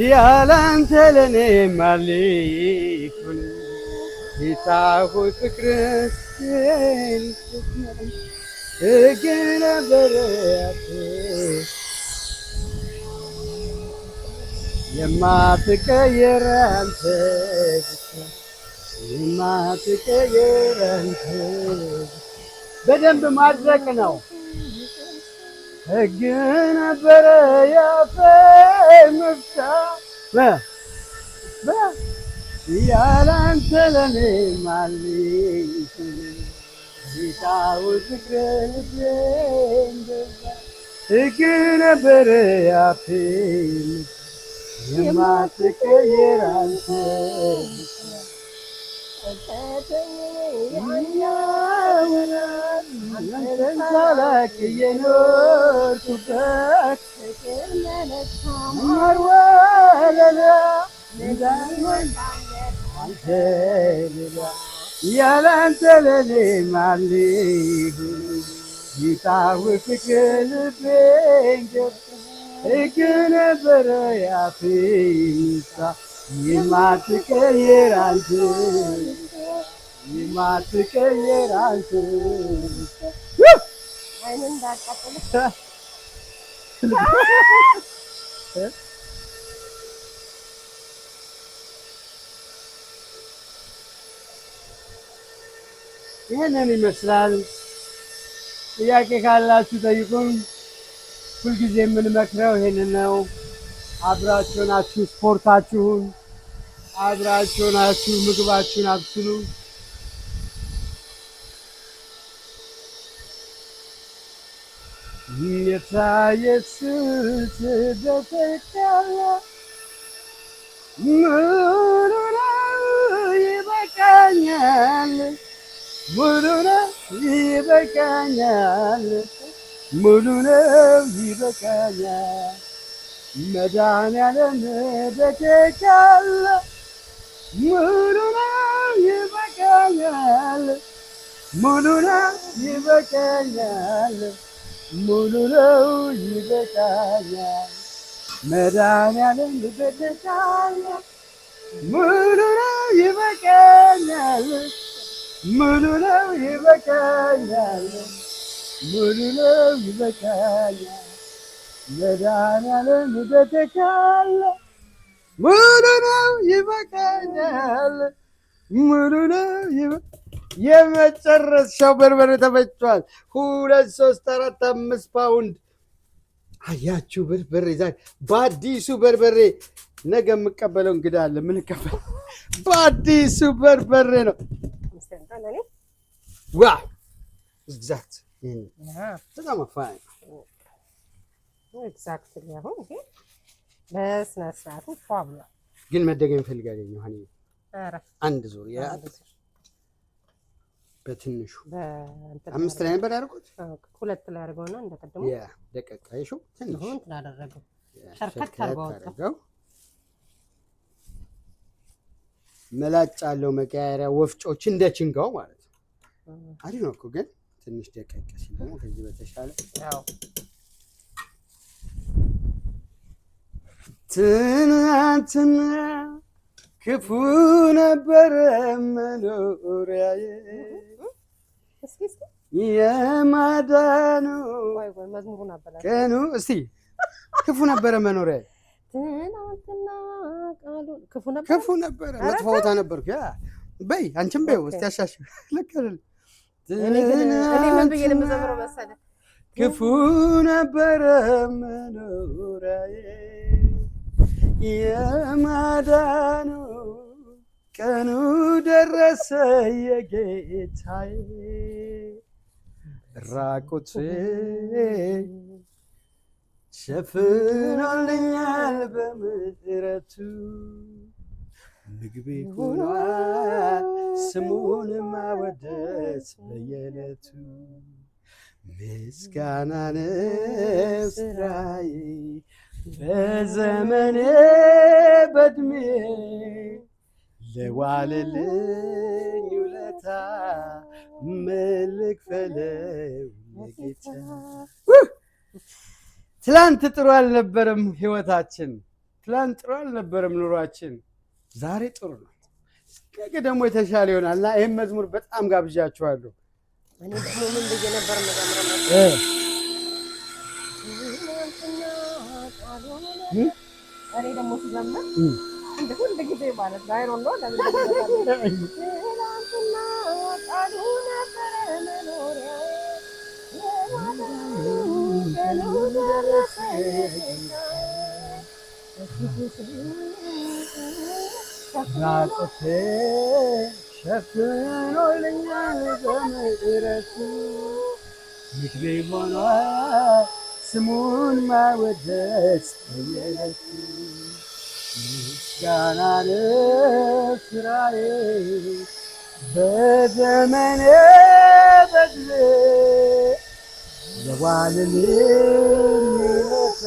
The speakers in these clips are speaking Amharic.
ያላንተ ለኔ ማሊኩን ፍቅር ነበረ የማትቀየር አንተ የማትቀየር አንተ በደንብ ነው። حقنا برا يا في مفتاح به به يا لانت لني معلي يتعود ذكرين بين حقنا برا يا في يا ما تكير عن ሳላቅ የኖርኩበት ማርወለላ አንተ ሌላ ያላንተ ለኔ ማልሁ ይታዊ ፍቅር ልቤን እግ ነበረ ያፌ የማትቀየር አንተ የማትቀየር አንተ ይህንን ይመስላል። ጥያቄ ካላችሁ ጠይቁም። ሁልጊዜ የምንመክረው ይህንን ነው። አብራችሁ ናችሁ ስፖርታችሁን አብራችሁ ናችሁ፣ ምግባችሁን አብስሉ። ጌታ ኢየሱስ ደፈቃለ ሙሉ ነው ይበቃኛል፣ ሙሉ ነው ይበቃኛል፣ ሙሉ ነው ይበቃኛል። መድኃኒዓለም ደፈቃለ Muruna kayal, Muruna kayal, Muruna yıbakayal Meranyanın yıbakayal Muruna kayal, Muruna kayal, Muruna yıbakayal Meranyanın yıbakayal ሙሉ ነው ይበቃኛል፣ ሙሉ ነው የመጨረሻው በርበሬ ተፈጭቷል። ሁለት ሶስት አራት አምስት ፓውንድ አያችሁ በርበሬ ዛሬ በአዲሱ በርበሬ ነገ የምቀበለው እንግዳ አለ። ምን ቀበል በአዲሱ በርበሬ ነው ዋ ኤግዛክት በጣም አፋ ኤግዛክት በስነ ስርዓቱ ፏ ብሏል። ግን መደገም እፈልጋለሁ ዮሐኒ አንድ ዙር በትንሹ አምስት ላይ ነበር ያደርጉት ሁለት ላይ አድርገውና እንደቀድሞ ደቀቅ አይሹ ትንሽ ትላደረገው ሸርከት አድርገው መላጭ ያለው መቀያየሪያ ወፍጮች እንደ ችንጋው ማለት ነው። አሪፍ ነው እኮ ግን ትንሽ ደቀቀ ሲል ደግሞ ከዚህ በተሻለ ያው ትናንትና ክፉ ነበረ መኖሪያዬ የማዳኑ ቀኑ እስቲ ክፉ ነበረ ክፉ ነበረ መጥፎ ቦታ ነበርኩ። ያ በይ አንቺም ክፉ ነበረ መኖሪያዬ የማዳኑ ቀኑ ደረሰ የጌታዬ ራቁት ሸፍኖልኛል በምሕረቱ ምግቤ ሆኗል ስሙን ማወደስ በየዕለቱ ምስጋናን ስራዬ በዘመኔ በእድሜ ለዋለልኝ ውለታ ምልክፈለው ጌታ። ትላንት ጥሩ አልነበረም ህይወታችን፣ ትላንት ጥሩ አልነበረም ኑሯችን። ዛሬ ጥሩ ነው፣ ነገ ደግሞ የተሻለ ይሆናል እና ይህም መዝሙር በጣም ጋብዣችኋለሁ። እኔ ደግሞ ምን ብዬ ነበር እኔ ደግሞ ሲዘምር እንደ ሁል ጊዜ ማለት ነው አይሮን ነው ለምን ስሙን ማወደስ በየለቱ ምስጋናን ስራዬ በዘመኔ በጊዜ የዋልን ሚወታ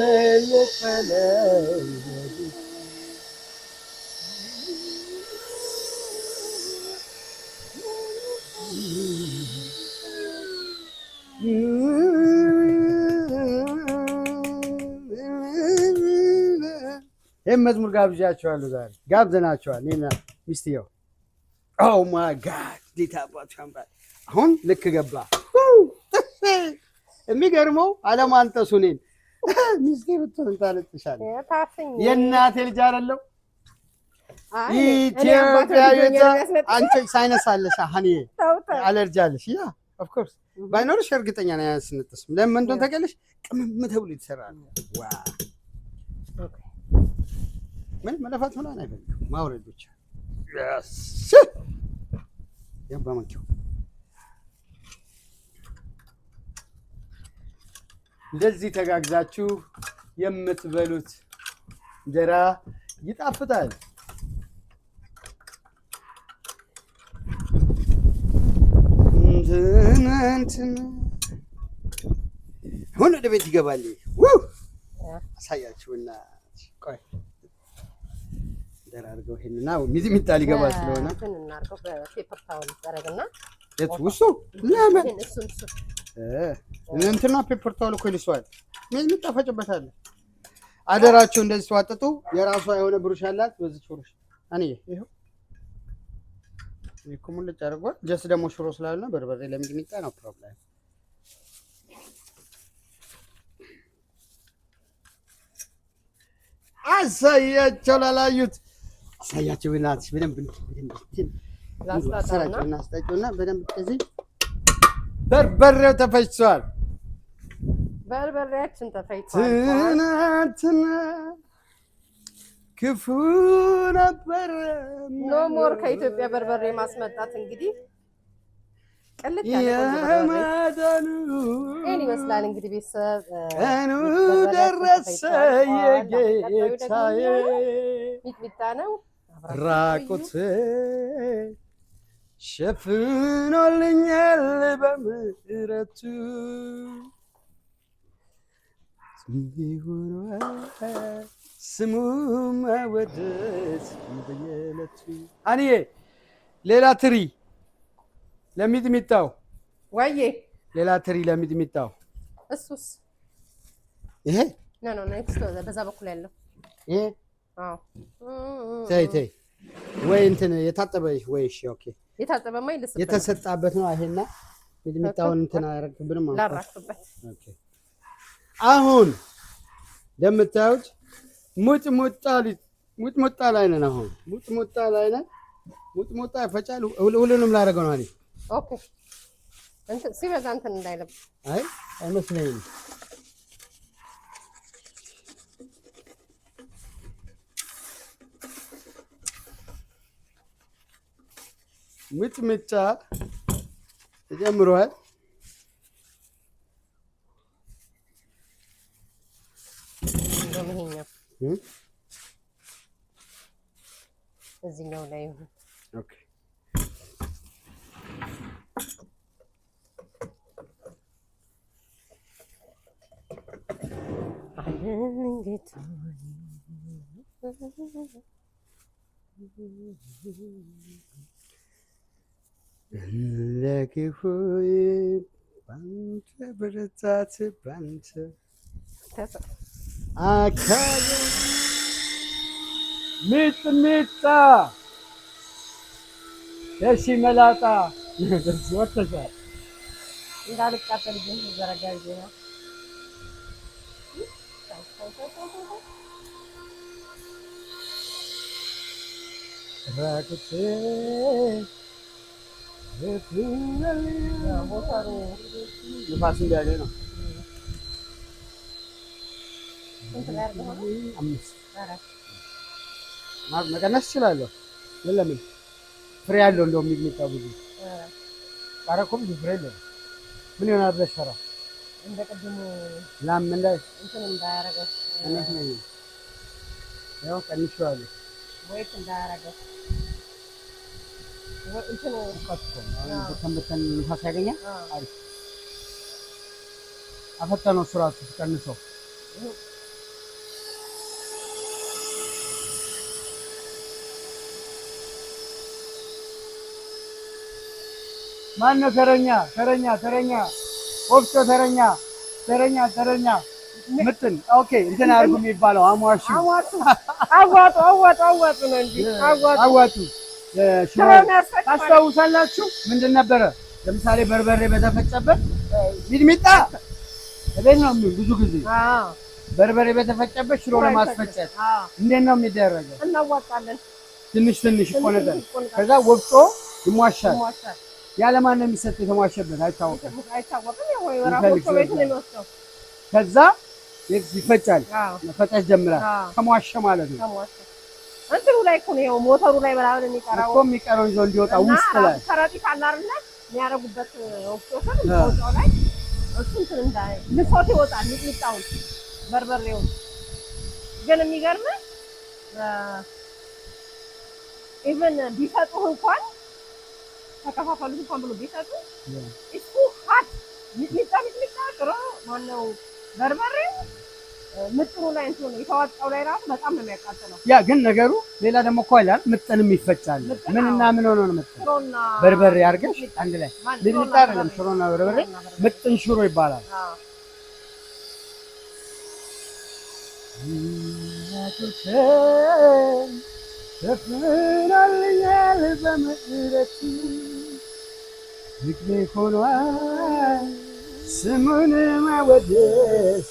መየፈለይ Mm-hmm. ይህም መዝሙር ጋብዣቸዋለሁ። ዛሬ ጋብዘናቸዋል። እኔና ሚስትየው ኦ ማይ ጋድ ጌታ አባቱ ያምራል። አሁን ልክ ገባ። የሚገርመው አለማንጠሱ እኔን ሚስቴ ብትሆን ታለጥሻለች። የእናቴ ልጅ አይደለም ሳይነሳለሽ ባይኖርሽ እርግጠኛ ነኝ አያስነጥስም። ለምን እንደሆነ ታውቂያለሽ? ቅመም ተብሎ የተሰራ ነው። ምን መለፋት ምናምን አይፈልግም። ማውረድ ብቻ ያባመኪው እንደዚህ ተጋግዛችሁ የምትበሉት እንጀራ ይጣፍጣል። ሁን ወደ ቤት ይገባል። አሳያችሁና ደራርገው ይሄንና ሚጥሚጣ ሊገባ ስለሆነ ውሱ ለምን እንትና ፔፐር ታውል እኮ ይልሰዋል። አደራቸው እንደዚህ ሲዋጥጡ የራሷ የሆነ ብሩሽ አላት። በዚች ብሩሽ አንዬ ሙልጭ አድርጓል። ደግሞ ሽሮ ስላልሆነ በርበሬ ለሚጥሚጣ ነው ፕሮብለም አሳያቸው ላላዩት አሳያቸው ብናትሽ በደንብ እናስጠጪውና በደንብ እዚህ በርበሬው ተፈጭቷል። በርበሬያችን ተፈጭቷል። ትናንትና ክፉ ነበረ። ኖ ሞር ከኢትዮጵያ በርበሬ ማስመጣት እንግዲህ ቅልት የማዳኑ ይህን ይመስላል እንግዲህ ቤተሰብ ቀኑ ደረሰ የጌታዬ ሚጥሚጣ ነው። ራቁት ሸፍኖልኛል በምሕረቱ ስሙ መወደስ በየዕለቱ አንዬ ሌላ ትሪ ለሚጥሚጣው ወይዬ ሌላ ትሪ ለሚጥሚጣው እሱስ ይሄ በዛ በኩል ያለው ተይ ተይ፣ ወይ እንትን የታጠበ ወይ እሺ፣ ኦኬ፣ የታጠበ ማይ ልስበት የተሰጣበት ነው። አይሄና ሚጥሚጣውን እንትን አያረክብንም። አሁን እንደምታዩት ሙጥሙጣ ላይ ነን። አሁን ሙጥሙጣ ላይ ነን። ሙጥሙጣ ይፈጫል። ሁሉንም ላደርገው ነው አለኝ። ሲበዛ እንትን እንዳይለብ። አይ አይመስለኝም ሙጭምጫ ተጨምሯል። እዚኛው ላይ ኦኬ አለን লেগে হয়ে পাঞ্চ বেড়ে চাছে পাঞ্চ আখা মিট মিটটা देसी मेला था जोट सर गाड़ी का तर जैसे जरा गाड़ी देना रखते ንፋስ እንዳለ ነው። መቀነስ እችላለሁ። ለምን ፍሬ ያለው እንደውም የሚግሚጣ ብዙ ኧረ እኮ ብዙ ፍሬ የለውም። ምን ይሆናል ብለሽ ፈራ እንደ ቅድሙ ላም እንዳይ እንትን እንዳያረገው እውነት ነው። ያው ቀንሼዋለሁ ወይስ እንዳያረገው እንትን በተን ንፋስ ያገኛል። አፈጠነው እሱ ራሱ ቀንሰው ማነው ተረኛ ተረኛ ተረኛ ወፍጮ ተረኛ ተረኛ ተረኛ ምጥን ኦኬ እንትን አድርጉ የሚባለው አሟሽ አዋጡ አዋጡ አዋጡ ነው እንጂ አዋጡ ታስታውሳላችሁ? ምንድን ነበረ? ለምሳሌ በርበሬ በተፈጨበት ሚጥሚጣ እቤት ነው ብዙ ጊዜ በርበሬ በተፈጨበት ሽሮ ለማስፈጨት እንዴት ነው የሚደረገው? እናዋጣለን። ትንሽ ትንሽ ቆነጠን፣ ከዛ ወፍጮ ይሟሻል። ያለ ማን ነው የሚሰጥ? የተሟሸበት አይታወቅም። ከዛ ይፈጫል። መፈጨት ጀምራል። ተሟሸ ማለት ነው። እንትኑ ላይ እኮ ነው ሞተሩ ላይ ምናምን የሚቀረው እኮ የሚቀረው ይዞ እንዲወጣ ውስጥ ላይ ከረጢት አለ አይደል የሚያደርጉበት ኦፕሽን ቦታው ላይ እሱ እንትን እንዳይ ልሶት ይወጣል። ሚጣው በርበሬው ግን የሚገርም ኢቨን ቢሰጡህ እንኳን ተከፋፈሉት እንኳን ብሎ ቢሰጡ እሱ ሀት ሚጣ ሚጣ ቅሮ ማነው በርበሬው ምጥኑ ላይ እንትኑ የተዋጣው ላይ ራሱ በጣም ነው የሚያቃጥለው። ያ ግን ነገሩ ሌላ ደግሞ እኮ ይላል ምጥንም ይፈጫል። ምንና ምን ሆኖ ነው ምጥን በርበሬ አድርገሽ አንድ ላይ ሚጥሚጣ አይደለም ሽሮና በርበሬ ምጥን ሽሮ ይባላል። ሸፍናልኛል በምሕረት ንግዴ ሆኗል ስሙን ማወደስ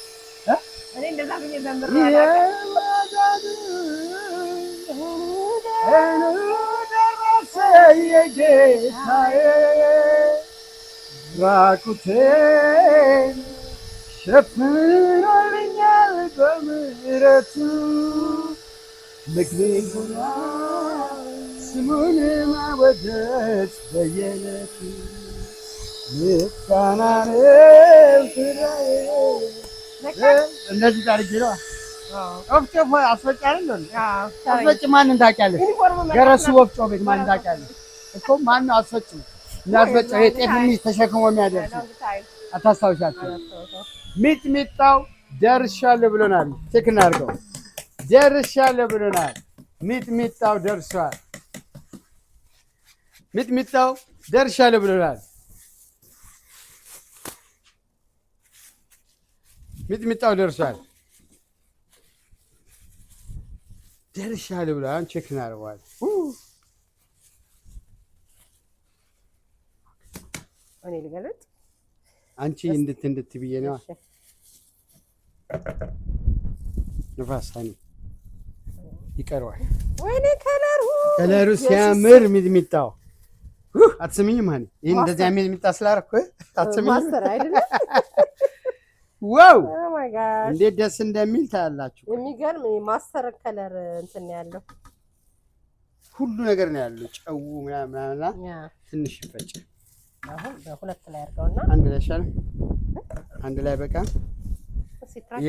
ደረሰ የጌታዬ ራቁቴን ሸፍኖልኛል በምሕረቱ ምግቤ ሆኗል ስሙን ማወደስ በየዕለቱ ምስጋና ነው ስራዬ እነዚህ ታርጌ ነው ወፍጮ አስፈጭ አይደል? አስፈጭ ማንን ታውቂያለሽ? ገረሱ ወፍጮ ቤት ማንን ታውቂያለሽ? እኮ ማነው አስፈጭ እናስፈጭ ይሄ ጤፍ ተሸክሞ የሚያደርሰው አታስታውሻቸውም? ሚጥሚጣው ደርሻለሁ ብሎናል። ቴክን አድርገው ደርሻለሁ ብሎናል። ሚጥሚጣው ደርሷል። ሚጥሚጣው ደርሻለሁ ብሎናል። ሚጥሚጣው ደርሷል። ደርሻል ብሏን ቼክ እናርጓል። እኔ ልገለጥ አንቺ እንድት እንድት ብዬ ነዋ። ንፋስ ይቀርዋል። ወይኔ ከለሩ ከለሩ ሲያምር ሚጥሚጣው አትስምኝም? ሀኒ ይህ እንደዚያ ሚጥሚጣ ስላደረኩ አትስምኝም? ማስተር አይደለም ዋው oh እንዴት ደስ እንደሚል ታያላችሁ። የሚገርም ማስተር ከለር እንትን ያለው ሁሉ ነገር ነው ያለው። ጨው ምናምና ትንሽ ይፈጭ። አሁን በሁለት ላይ አድርገውና አንድ ላይ ሻል አንድ ላይ በቃ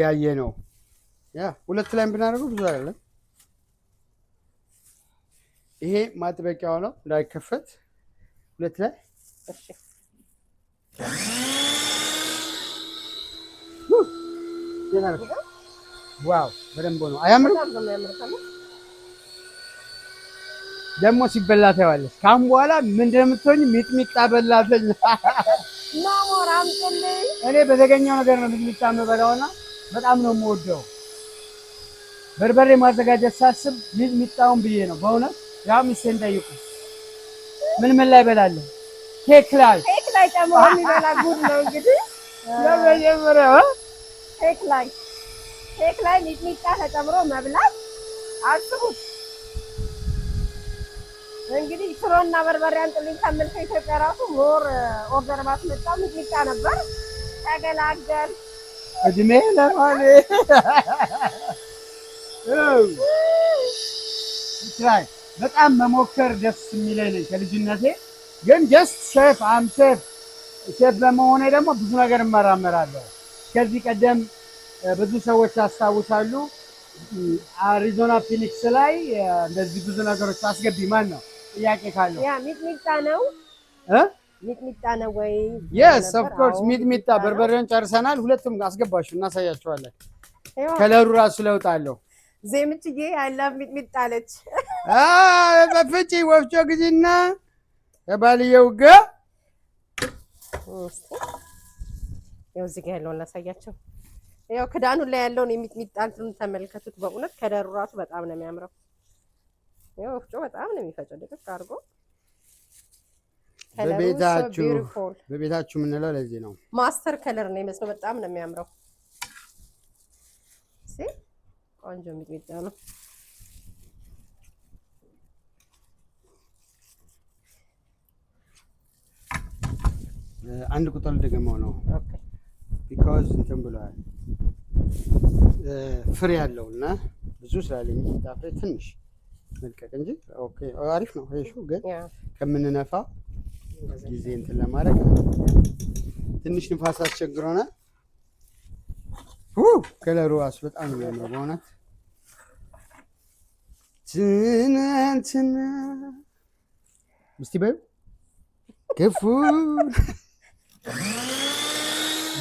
ያየ ነው ያ ሁለት ላይ ብናደርገው ብዙ አይደለም። ይሄ ማጥበቂያው ነው እንዳይከፈት ሁለት ላይ እሺ ዋው በደንብ ነው። አያምርም? ደግሞ ሲበላ ታያለሽ። ካሁን በኋላ ምንድን ነው የምትሆኝ? ሚጥሚጣ በላ በላ። እኔ በተገኘው ነገር ነው ሚጥሚጣ የምበላውና በጣም ነው የምወደው። በርበሬ ማዘጋጀት ሳስብ ሚጥሚጣውን ብዬ ነው በእውነት ያው ሚስቴን ጠይቁ። ምን ምን ላይ እበላለሁ? ኬክ ላይ ኬክ ላይ ጨምሮ የሚበላ ጉድ ነው እንግዲህ ለመጀመሪያው ኬክ ላይ ኬክ ላይ ሚጥሚጣ ተጨምሮ መብላት አስቡት። እንግዲህ ሽሮና በርበሬ አንጥልኝ ራሱ ሞር ኦርደር ማስመጣው ሚጥሚጣ ነበር። ተገላገል እድሜ ትራይ በጣም መሞከር ደስ የሚለኝ ከልጅነቴ። ግን ጀስት ሼፍ አም ሼፍ ሼፍ በመሆኔ ደግሞ ብዙ ነገር እመራመራለሁ። ከዚህ ቀደም ብዙ ሰዎች ያስታውሳሉ። አሪዞና ፊኒክስ ላይ እንደዚህ ብዙ ነገሮች አስገቢ። ማን ነው ጥያቄ ካለው ያ ሚጥሚጣ ነው እ ሚጥሚጣ ነው ወይ? የስ ኦፍ ኮርስ ሚጥሚጣ። በርበሬውን ጨርሰናል። ሁለቱም አስገባችሁ እናሳያቸዋለን። ከለሩ ራሱ ለውጣለሁ። ዜምጭዬ ዜምትዬ ሚጥሚጣ አለች። ፍጪ ወፍጮ ጊዜና የባልየው ጋ ያው እዚህ ጋር ያለውን ላሳያቸው። ያው ክዳኑ ላይ ያለውን የሚጣንትን ተመልከቱት። በእውነት ከደሩ ራሱ በጣም ነው የሚያምረው። ያው ወፍጮ በጣም ነው የሚፈጨው ድቅቅ አድርጎ በቤታችሁ የምንለው ለዚህ ነው። ማስተር ከለር ነው የሚመስለው። በጣም ነው የሚያምረው። ቆንጆ ሚጥሚጣ ነው። አንድ ቁጥር ደግመው ነው። ኦኬ ቢካዝ እንትን ብለዋል ፍሬ ያለው እና ብዙ ስላለ የሚጣ ፍሬ ትንሽ መልቀቅ እንጂ አሪፍ ነው። ሬሾ ግን ከምንነፋ ጊዜ እንትን ለማድረግ ትንሽ ንፋስ አስቸግሮና ከለሩ እራሱ በጣም የሚያምር የሚያምረው በእውነት ትናንትና እስቲ በዩ ክፉ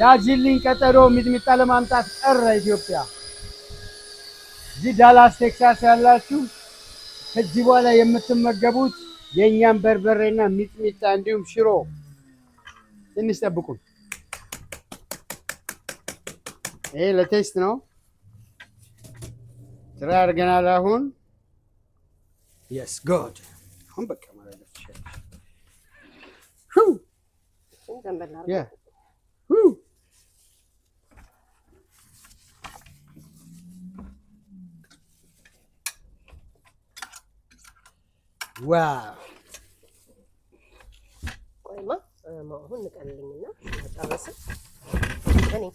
ያጅልኝ ቀጠሮ ሚጥሚጣ ለማምጣት ቀረ ኢትዮጵያ። እዚህ ዳላስ ቴክሳስ ያላችሁ ከዚህ በኋላ የምትመገቡት የእኛን በርበሬና ሚጥሚጣ እንዲሁም ሽሮ ትንሽ ጠብቁን። ይሄ ለቴስት ነው። ስራ አድርገናል። አሁን የስ ጎድ አሁን በቃ ማለት ነው ዋው! ቆይማ ማሁን ንቀልልኝና ጣበስ እኔ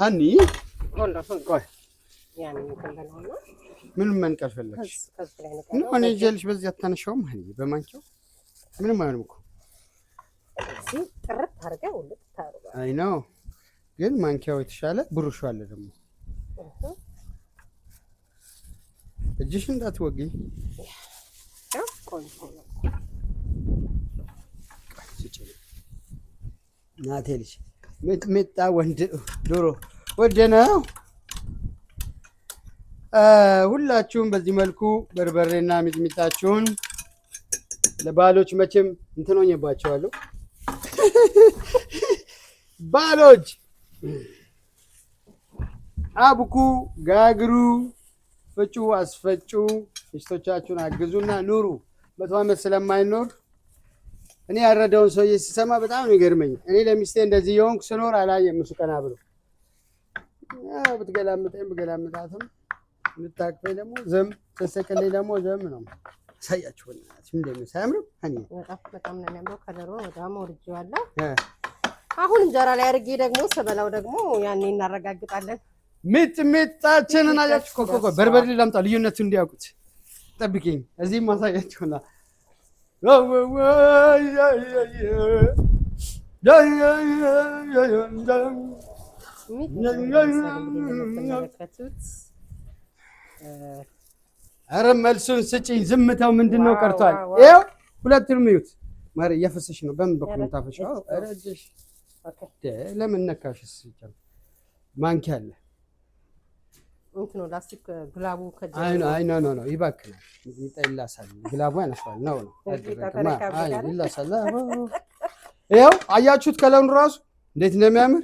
ሀኒ ምንም መንቀል ፈለግሽ? እኔ ይዤልሽ በዚህ አታነሻውም። ሀኒ በማንኪያው ምንም አይሆንም እኮ ጥርት አድርገህ አይ ነው ግን ማንኪያው የተሻለ ብሩሹ አለ ደግሞ እጅሽ እንዳትወጊ ናቴ ልጅ ሚጥሚጣ ወንድ ዶሮ ወደ ነው። ሁላችሁም በዚህ መልኩ በርበሬና ሚጥሚጣችሁን ለባሎች መቼም እንትን ሆኜባቸዋለሁ። ባሎች አብኩ፣ ጋግሩ፣ ፍጩ፣ አስፈጩ። ሚስቶቻችሁን አግዙና ኑሩ። መቶ ዓመት ስለማይኖር እኔ ያረደውን ሰውዬ ሲሰማ በጣም ይገርመኝ። እኔ ለሚስቴ እንደዚህ የሆንኩ ስኖር አላየም። እሱ ቀና ብሎ ብትገላምጠኝ ብገላምጣትም የምታቅፈኝ ደግሞ ዘም ስትስቅልኝ ደግሞ ዘም ነው። አሳያችሁ እንደሚያምርም በጣም ነው የሚያምረው። ከደሮ በጣም ወድጄዋለሁ። አሁን እንጀራ ላይ አድርጌ ደግሞ ስበላው ደግሞ ያኔ እናረጋግጣለን። ምጥ ምጣችንን አያችሁ። ኮኮ በርበሬ ላምጣ ልዩነቱ እንዲያውቁት ጠብቂኝ፣ እዚህ ማሳያችሁና ኧረ መልሱን ስጭኝ ዝምታው ምንድን ነው ቀርቷል? ይኸው ሁለቱንም እዩት። ማሪ እያፈሰሽ ነው። በምን በኩል የምታፈሺው? ለምን ነካሽስ? ማንኪያ አለ እንትኑ ላስቲክ ግላቡ ከጀመረ አይ ኖ ኖ ኖ ይባክናል፣ ይላሳል፣ ግላቡ ያነሳል ነው ነው ይላሳል። ይኸው አያችሁት ከለውን ራሱ እንዴት እንደሚያምር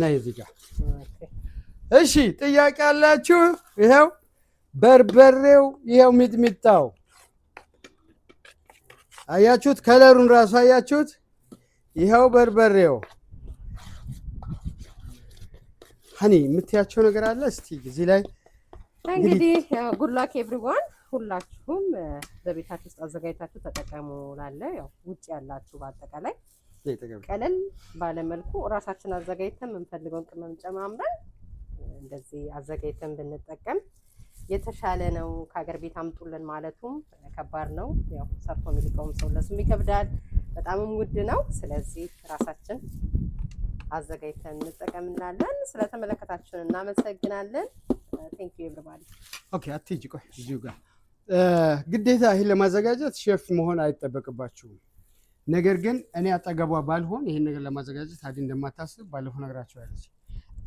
ነው። እዚህ ጋር እሺ፣ ጥያቄ አላችሁ? ይኸው በርበሬው ይኸው ሚጥሚጣው አያችሁት፣ ከለሩን ራሱ አያችሁት። ይኸው በርበሬው ሀኒ የምትያቸው ነገር አለ? እስቲ እዚህ ላይ እንግዲህ ጉድላክ ኤቭሪዋን ሁላችሁም በቤታችሁ ውስጥ አዘጋጅታችሁ ተጠቀሙ። ላለ ያው ውጭ ያላችሁ በአጠቃላይ ቀለል ባለመልኩ እራሳችን አዘጋጅተን የምንፈልገውን ቅመም ጨማምረን እንደዚህ አዘጋጅተን ብንጠቀም የተሻለ ነው። ከሀገር ቤት አምጡልን ማለቱም ከባድ ነው። ያው ሰርቶ የሚልቀውም ሰው ለሱም ይከብዳል፣ በጣምም ውድ ነው። ስለዚህ ራሳችን አዘጋጅተን እንጠቀምናለን ስለተመለከታችሁን እናመሰግናለን። ቴንኪው ኤቭሪባዲ። ኦኬ አትሂጂ፣ ቆይ እዚሁ ጋር ግዴታ ይህን ለማዘጋጀት ሼፍ መሆን አይጠበቅባችሁም። ነገር ግን እኔ አጠገቧ ባልሆን ይህን ነገር ለማዘጋጀት አዲ እንደማታስብ ባለፈው ነገራቸው ያለች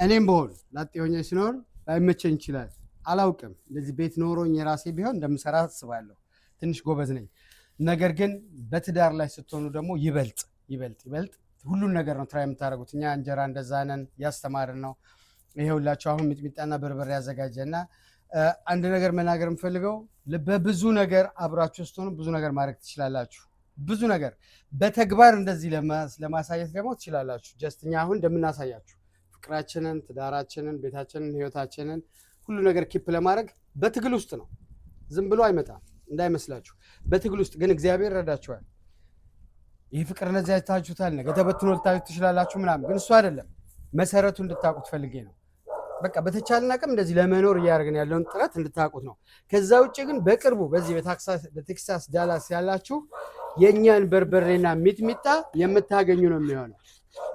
እኔም በሆን ላጤ ሆኜ ሲኖር ላይመቸኝ ይችላል፣ አላውቅም። እንደዚህ ቤት ኖሮኝ የራሴ ቢሆን እንደምሰራ አስባለሁ። ትንሽ ጎበዝ ነኝ። ነገር ግን በትዳር ላይ ስትሆኑ ደግሞ ይበልጥ ይበልጥ ይበልጥ ሁሉን ነገር ነው ትራይ የምታደርጉት። እኛ እንጀራ እንደዛ ነን ያስተማርን ነው። ሁላቸው አሁን ሚጥሚጣና በርበሬ ያዘጋጀ እና አንድ ነገር መናገር የምፈልገው በብዙ ነገር አብራችሁ ስትሆኑ ብዙ ነገር ማድረግ ትችላላችሁ። ብዙ ነገር በተግባር እንደዚህ ለማሳየት ደግሞ ትችላላችሁ። ጀስት እኛ አሁን እንደምናሳያችሁ ፍቅራችንን፣ ትዳራችንን፣ ቤታችንን፣ ህይወታችንን ሁሉ ነገር ኪፕ ለማድረግ በትግል ውስጥ ነው። ዝም ብሎ አይመጣም እንዳይመስላችሁ። በትግል ውስጥ ግን እግዚአብሔር ረዳችኋል። ይህ ፍቅር እንደዚህ አይታችሁታል፣ ነገ ተበትኖ ልታዩት ትችላላችሁ ምናምን፣ ግን እሱ አይደለም መሰረቱ እንድታውቁት ፈልጌ ነው። በቃ በተቻለን አቅም እንደዚህ ለመኖር እያደረግን ያለውን ጥረት እንድታውቁት ነው። ከዛ ውጭ ግን በቅርቡ በዚህ በቴክሳስ ዳላስ ያላችሁ የእኛን በርበሬና ሚጥሚጣ የምታገኙ ነው የሚሆነው።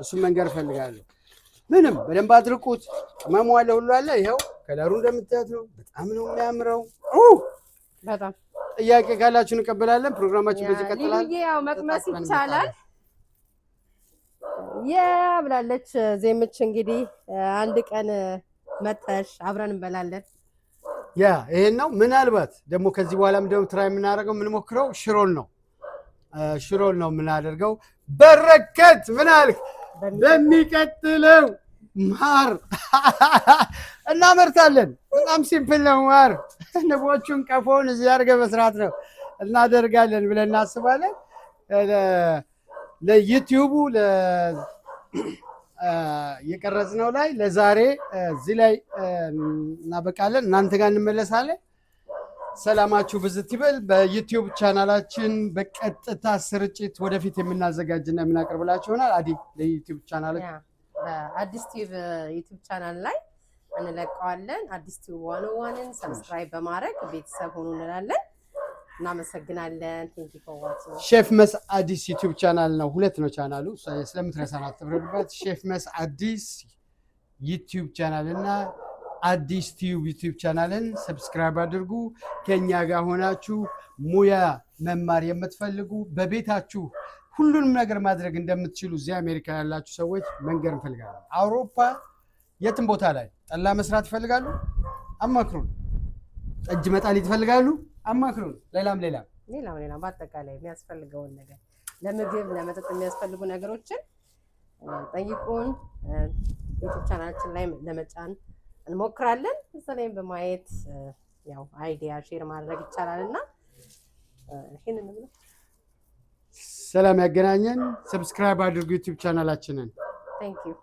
እሱም መንገር እፈልጋለሁ። ምንም በደንብ አድርቁት። ቅመሙ አለ፣ ሁሉ አለ። ይኸው ከለሩ እንደምታዩት ነው። በጣም ነው የሚያምረው በጣም ጥያቄ ካላችሁ እንቀበላለን። ፕሮግራማችን በዚህ ቀጥላል። ያው መቅመስ ይቻላል። ብላለች ዜምች እንግዲህ አንድ ቀን መጠሽ አብረን እንበላለን። ያ ይሄን ነው። ምናልባት ደግሞ ከዚህ በኋላም ደግሞ ትራይ የምናደርገው የምንሞክረው ሽሮል ነው ሽሮል ነው የምናደርገው። በረከት ምናልክ በሚቀጥለው ማር እናመርታለን። በጣም ሲምፕል ነው ማር ንቦቹን ቀፎውን እዚህ አድርገህ መስራት ነው እናደርጋለን ብለን እናስባለን። ለዩቲዩቡ ነው ላይ ለዛሬ እዚህ ላይ እናበቃለን። እናንተ ጋር እንመለሳለን። ሰላማችሁ ብዝት ይበል። በዩቲዩብ ቻናላችን በቀጥታ ስርጭት ወደፊት የምናዘጋጅና የምናቀርብላችሁ ይሆናል። አዲ ለዩቲዩብ ቻናል አዲስ ቲቭ ዩቲዩብ ቻናል ላይ እንለቀዋለን። አዲስ ቲዩብ ዋን ዋንን ሰብስክራይብ በማድረግ ቤተሰብ ሆኑ እንላለን። እናመሰግናለን። ቴንኪ ሼፍ መስ አዲስ ዩቲዩብ ቻናል ነው። ሁለት ነው ቻናሉ ስለምትረሳን አትፍረዱበት። ሼፍ መስ አዲስ ዩቲዩብ ቻናል እና አዲስ ቲዩብ ዩቲዩብ ቻናልን ሰብስክራይብ አድርጉ። ከኛ ጋር ሆናችሁ ሙያ መማር የምትፈልጉ በቤታችሁ ሁሉንም ነገር ማድረግ እንደምትችሉ እዚህ አሜሪካ ያላችሁ ሰዎች መንገድ እንፈልጋለን። አውሮፓ የትም ቦታ ላይ ጠላ መስራት ይፈልጋሉ፣ አማክሩን። ጠጅ መጣል ይፈልጋሉ፣ አማክሩን። ሌላም ሌላም ሌላም ሌላም በአጠቃላይ የሚያስፈልገውን ነገር ለምግብ ለመጠጥ የሚያስፈልጉ ነገሮችን ጠይቁን። ዩቱብ ቻናላችን ላይ ለመጫን እንሞክራለን። በተለይም በማየት ያው አይዲያ ሼር ማድረግ ይቻላል እና ይህንን ሰላም ያገናኘን። ሰብስክራይብ አድርጉ ዩቱብ ቻናላችንን። ታንኪዩ